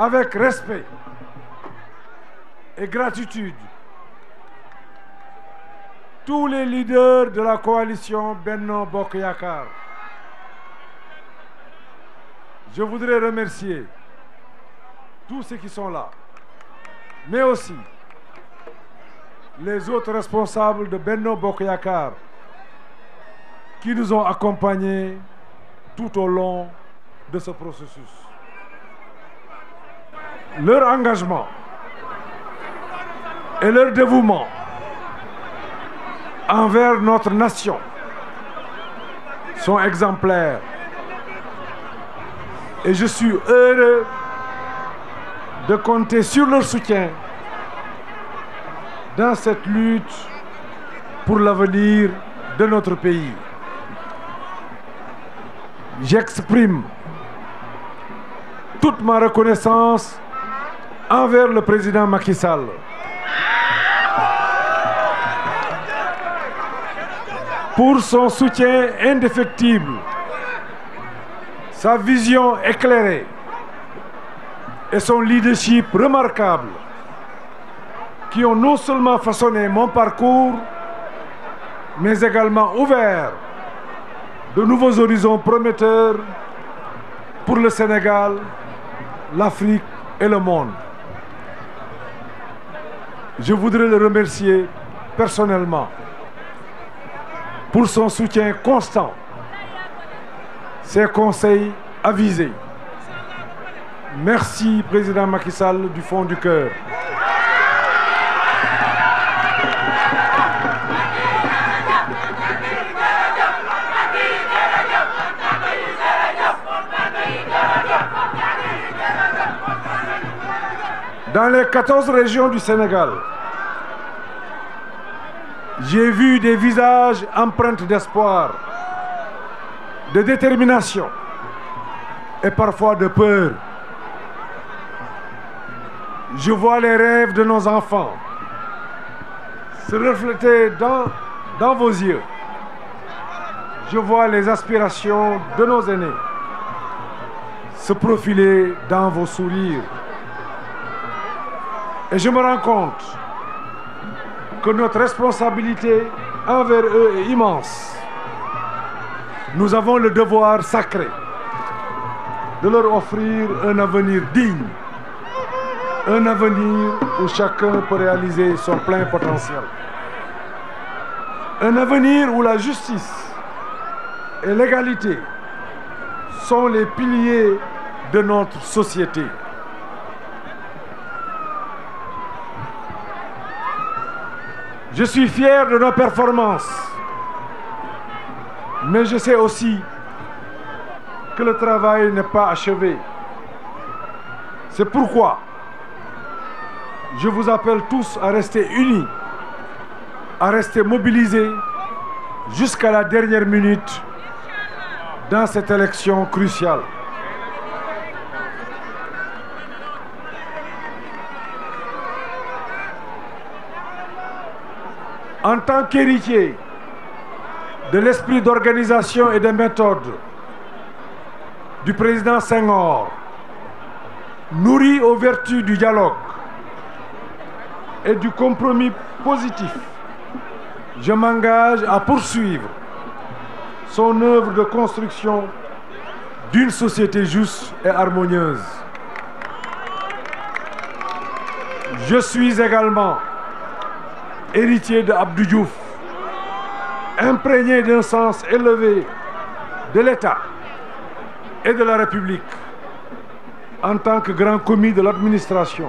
avec respect et gratitude tous les leaders de la coalition Benno Bokyakar. Je voudrais remercier tous ceux qui sont là, mais aussi les autres responsables de Benno Bokyakar qui nous ont accompagnés tout au long de ce processus leur engagement et leur dévouement envers notre nation sont exemplaires. Et je suis heureux de compter sur leur soutien dans cette lutte pour l'avenir de notre pays. J'exprime toute ma reconnaissance envers le président Macky Sall. Pour son soutien indéfectible, sa vision éclairée et son leadership remarquable qui ont non seulement façonné mon parcours, mais également ouvert de nouveaux horizons prometteurs pour le Sénégal, l'Afrique et le monde. Je voudrais le remercier personnellement pour son soutien constant, ses conseils avisés. Merci, Président Macky Sall, du fond du cœur. Dans les 14 régions du Sénégal, j'ai vu des visages empreintes d'espoir, de détermination et parfois de peur. Je vois les rêves de nos enfants se refléter dans, dans vos yeux. Je vois les aspirations de nos aînés se profiler dans vos sourires. Et je me rends compte que notre responsabilité envers eux est immense. Nous avons le devoir sacré de leur offrir un avenir digne, un avenir où chacun peut réaliser son plein potentiel, un avenir où la justice et l'égalité sont les piliers de notre société. Je suis fier de nos performances, mais je sais aussi que le travail n'est pas achevé. C'est pourquoi je vous appelle tous à rester unis, à rester mobilisés jusqu'à la dernière minute dans cette élection cruciale. en tant qu'héritier de l'esprit d'organisation et de méthode du président Senghor, nourri aux vertus du dialogue et du compromis positif, je m'engage à poursuivre son œuvre de construction d'une société juste et harmonieuse. Je suis également héritier de Abdou Diouf, imprégné d'un sens élevé de l'État et de la République, en tant que grand commis de l'administration.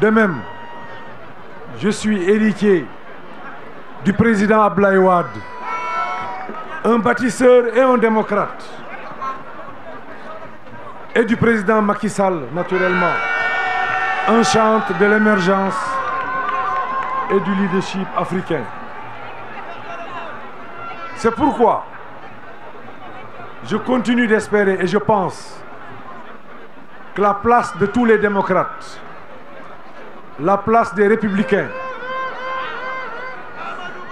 De même, je suis héritier du président Ablaïwad, un bâtisseur et un démocrate, et du président Macky Sall, naturellement, un chante de l'émergence et du leadership africain. C'est pourquoi je continue d'espérer et je pense que la place de tous les démocrates, la place des républicains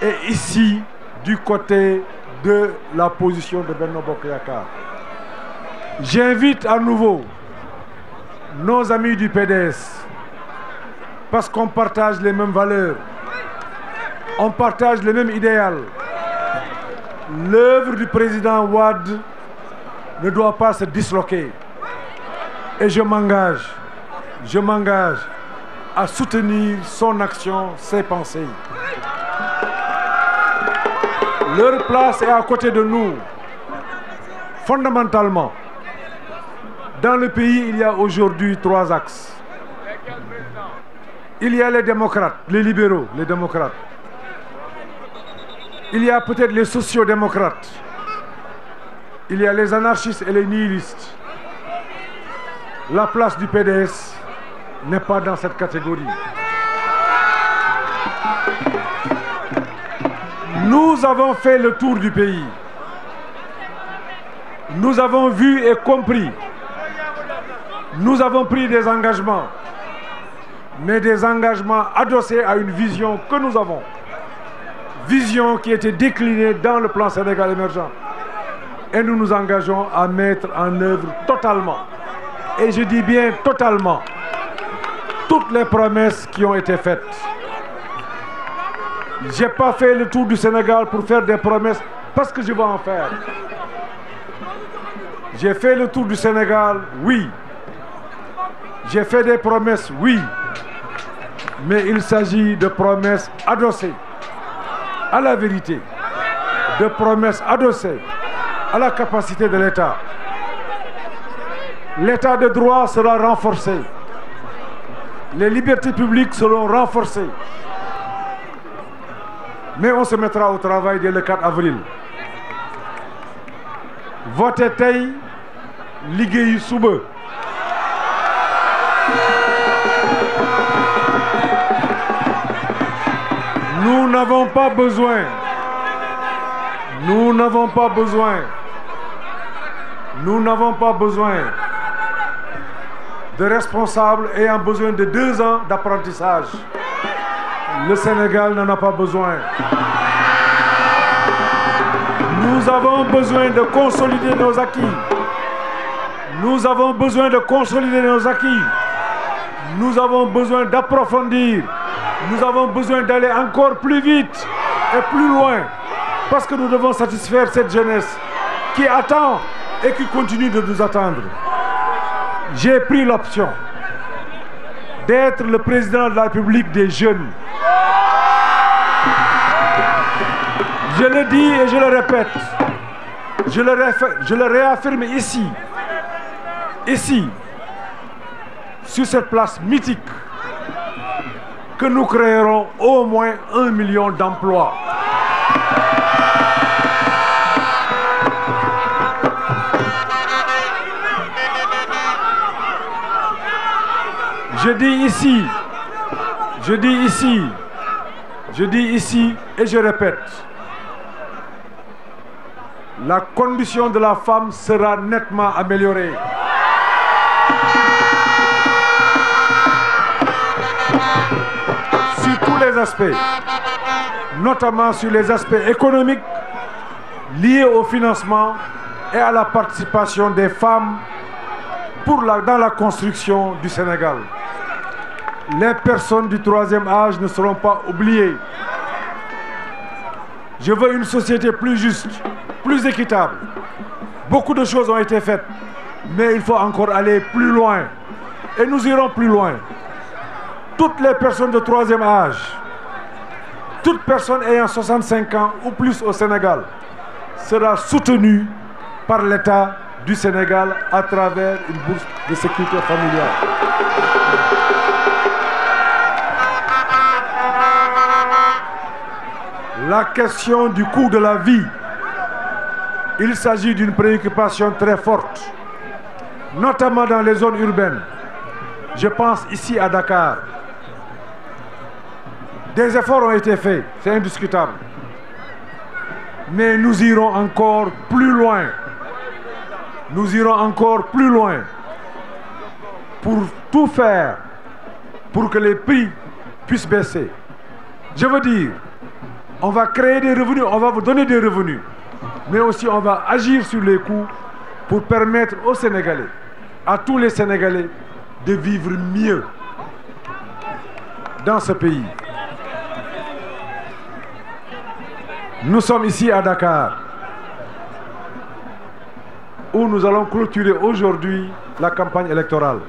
est ici du côté de la position de Benno Bokoyaka. J'invite à nouveau nos amis du PDS parce qu'on partage les mêmes valeurs, on partage les mêmes idéaux. L'œuvre du président Ouad ne doit pas se disloquer. Et je m'engage, je m'engage à soutenir son action, ses pensées. Leur place est à côté de nous. Fondamentalement, dans le pays, il y a aujourd'hui trois axes. Il y a les démocrates, les libéraux, les démocrates. Il y a peut-être les sociodémocrates. Il y a les anarchistes et les nihilistes. La place du PDS n'est pas dans cette catégorie. Nous avons fait le tour du pays. Nous avons vu et compris. Nous avons pris des engagements mais des engagements adossés à une vision que nous avons. Vision qui était déclinée dans le plan Sénégal émergent. Et nous nous engageons à mettre en œuvre totalement, et je dis bien totalement, toutes les promesses qui ont été faites. Je n'ai pas fait le tour du Sénégal pour faire des promesses parce que je vais en faire. J'ai fait le tour du Sénégal, oui. J'ai fait des promesses, oui mais il s'agit de promesses adossées à la vérité, de promesses adossées à la capacité de l'État. L'État de droit sera renforcé. Les libertés publiques seront renforcées. Mais on se mettra au travail dès le 4 avril. Votez Tay, sous Soube. Nous n'avons pas besoin. Nous n'avons pas besoin. Nous n'avons pas besoin de responsables ayant besoin de deux ans d'apprentissage. Le Sénégal n'en a pas besoin. Nous avons besoin de consolider nos acquis. Nous avons besoin de consolider nos acquis. Nous avons besoin d'approfondir nous avons besoin d'aller encore plus vite et plus loin parce que nous devons satisfaire cette jeunesse qui attend et qui continue de nous attendre. J'ai pris l'option d'être le président de la République des jeunes. Je le dis et je le répète. Je le, réaffirme ici, ici, sur cette place mythique que nous créerons au moins un million d'emplois. Je dis ici, je dis ici, je dis ici et je répète, la condition de la femme sera nettement améliorée. aspects, notamment sur les aspects économiques liés au financement et à la participation des femmes pour dans la construction du Sénégal. Les personnes du troisième âge ne seront pas oubliées. Je veux une société plus juste, plus équitable. Beaucoup de choses ont été faites, mais il faut encore aller plus loin. Et nous irons plus loin. Toutes les personnes de troisième âge, toute personne ayant 65 ans ou plus au Sénégal sera soutenue par l'État du Sénégal à travers une bourse de sécurité familiale. La question du coût de la vie, il s'agit d'une préoccupation très forte, notamment dans les zones urbaines. Je pense ici à Dakar, des efforts ont été faits, c'est indiscutable. Mais nous irons encore plus loin. Nous irons encore plus loin pour tout faire pour que les prix puissent baisser. Je veux dire, on va créer des revenus, on va vous donner des revenus, mais aussi on va agir sur les coûts pour permettre aux Sénégalais, à tous les Sénégalais, de vivre mieux dans ce pays. Nous sommes ici à Dakar, où nous allons clôturer aujourd'hui la campagne électorale.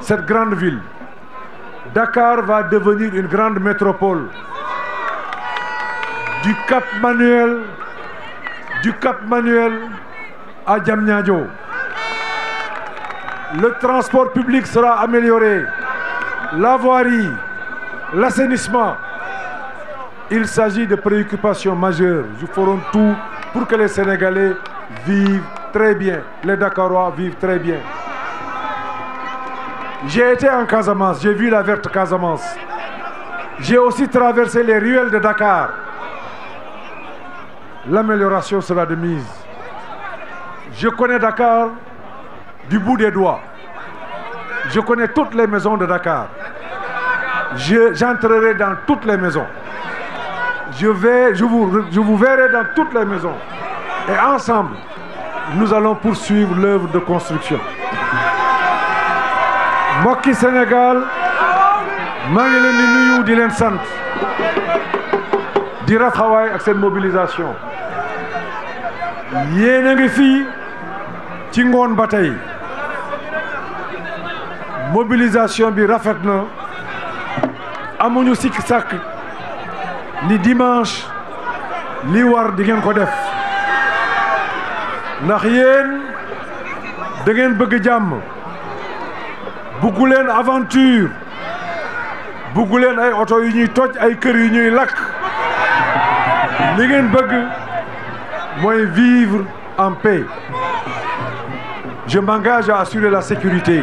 Cette grande ville, Dakar va devenir une grande métropole. Du Cap Manuel, du Cap Manuel à Djamnyadjo. Le transport public sera amélioré, la voirie, l'assainissement, il s'agit de préoccupations majeures. Nous ferons tout pour que les Sénégalais vivent très bien, les Dakarois vivent très bien. J'ai été en Casamance, j'ai vu la verte Casamance. J'ai aussi traversé les ruelles de Dakar. L'amélioration sera de mise. Je connais Dakar du bout des doigts. Je connais toutes les maisons de Dakar. J'entrerai dans toutes les maisons je, vais, je, vous, je vous verrai dans toutes les maisons. Et ensemble, nous allons poursuivre l'œuvre de construction. Moki Sénégal maa ngi leen nuyu di sant di ak cette mobilisation yéen tingon Bataille. mobilisation bi rafetna amuñu ni dimanche li war di ngeen ko def ndax yéen da ngeen bëgg jàmm bugguleen aventure bugguleen ay oto yu ñuy toj ay kër yu ñuy lakk li ngeen bëgg mooy vivre en paix je m'engage à assurer la sécurité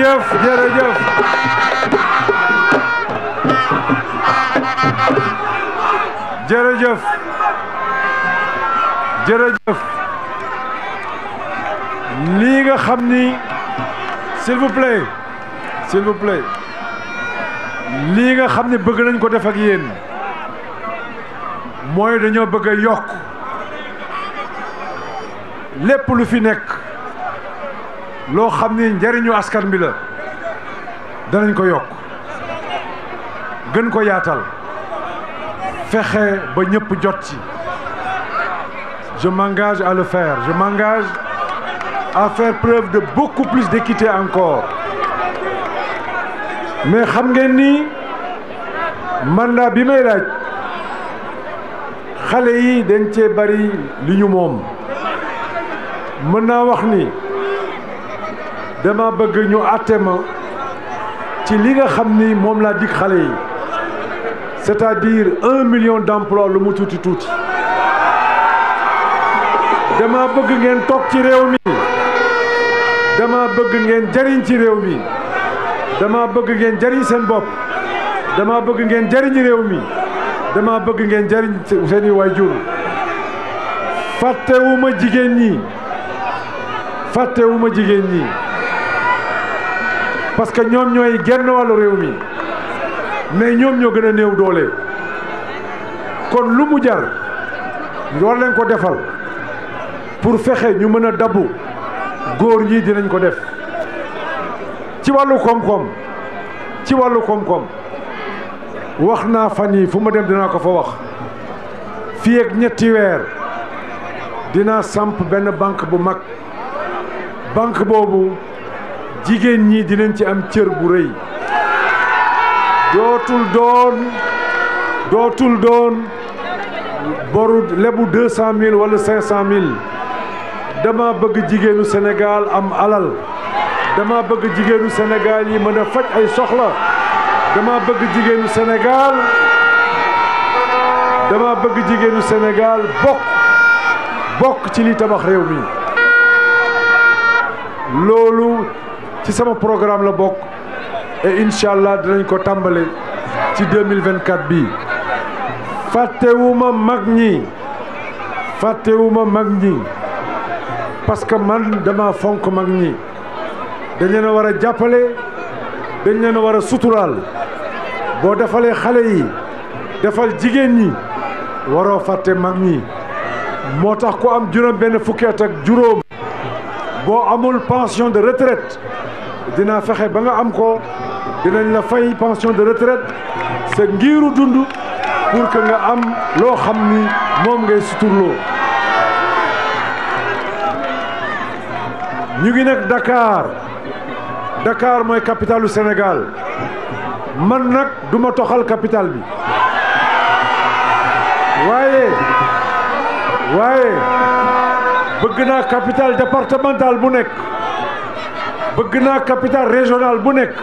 jërëjëf jërëjëf jërëjëf jërëjëf lii nga xam ni s'il vous lii nga xam ni bëgg nañ ko def ak yéen mooy dañoo bëgg a yokk lépp lu fi nekk lo xam ni askar askan bi la danañ ko yok gën ko yaatal fexé ba ñëpp jot ci je m'engage à le faire je m'engage à faire preuve de beaucoup plus d'équité encore mais xam ngeen ni mandat bi may laaj xalé yi dañ ci bari li ñu wax ni dama bëgg ñu àtte ma ci li nga xam ni moom laa dig xale yi c'est-à-dire un million d'emplois lu mu tuuti tuuti dama bëgg ngeen toog ci réew mi dama bëgg ngeen jariñ ci réew mi dama bëgg ngeen jariñ seen bopp dama bëgg ngeen jariñ réew mi dama bëgg ngeen jariñ seen i waajur fàttewuma jigéen ñi fàttewuma jigéen ñi parce que ñoom ñooy genn wàllu réew mi mais ñoom ñoo gën a néew doole kon lu mu jar war leen ko defal pour fexe ñu mën a dabbu góor ñi dinañ ko def ci wàllu koom-koom ci wàllu koom-koom wax naa fan yi fu ma dem dinaa ko fa wax fii ak ñetti weer dinaa samp benn banque bu mag banque boobu jigéen ñi dinañ ci am cër bu rëy dootul doon dootul doon boru lebu deux cent mille wala cinq cent mille dama bëgg jigéenu Sénégal am alal dama bëgg jigéenu Sénégal yi mën a faj ay soxla dama bëgg jigéenu Sénégal dama bëgg jigéenu Sénégal bokk bokk ci li tabax réew mi loolu sama programme la bok et inshallah dinañ ko tambalé ci 2024 bi fatéwuma mag ñi magni mag ñi parce que man dama fonk mag ñi dañ leen wara jappalé dañ leen wara sutural bo suturaal xalé yi defal jigen ñi waroo faté mag ñi am amul pension de retraite dina fexé ba nga am ko dinañ la fay pension de retraite C'est ngiiru pour que nga am lo xamni ni ngay suturlo ñu ngi nak Dakar Dakar capitale du Sénégal man nak du toxal capital bi waaye waaye bëgg na capital départemental bu nekk bëgg naa capital régional bu nekk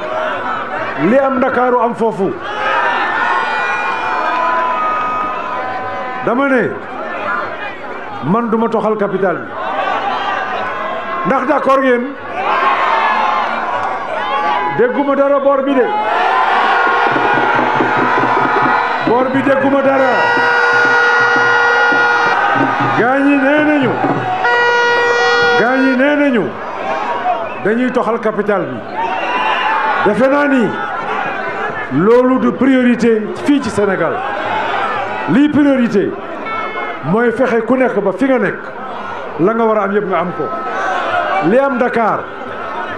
li am ndakaaru am foofu dama ne man duma toxal capital bi ndax d'accord ngeen dégguma dara boor bi de boor bi dégguma dara gaañi nee gaañi nee dañuy toxal capital bi defe naa ni loolu du priorité fii ci senegal lii priorité mooy fexe ku nekk ba fi nga nekk la nga war a am yëpp nga am ko li am Dakar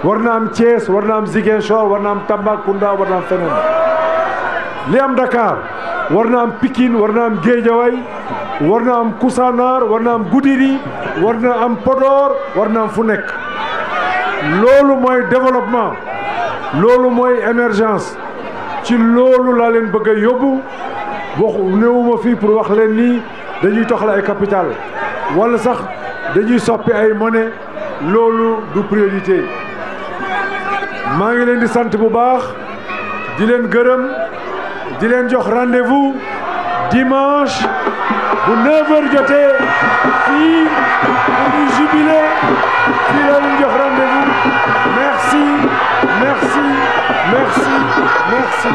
war na am Thiès war na am Ziguinchor war na am Tambacounda war na am feneen li am Dakar war na am Pikine war na am Guédiawaye war na am Koussanar war na am Goudiri war na am Podor war na am fu nekk Lolo, moy développement lolo, moy émergence ci lolu la len bëgg a yóbbu wax fi pour wax len ni dañuy capital wala sax dañuy soppi ay monnaie lolu du priorité ngi di bu di rendez-vous dimanche bu 9h jotee fii du jubilé fii la ñu jox rendez-vous merci merci merci merci.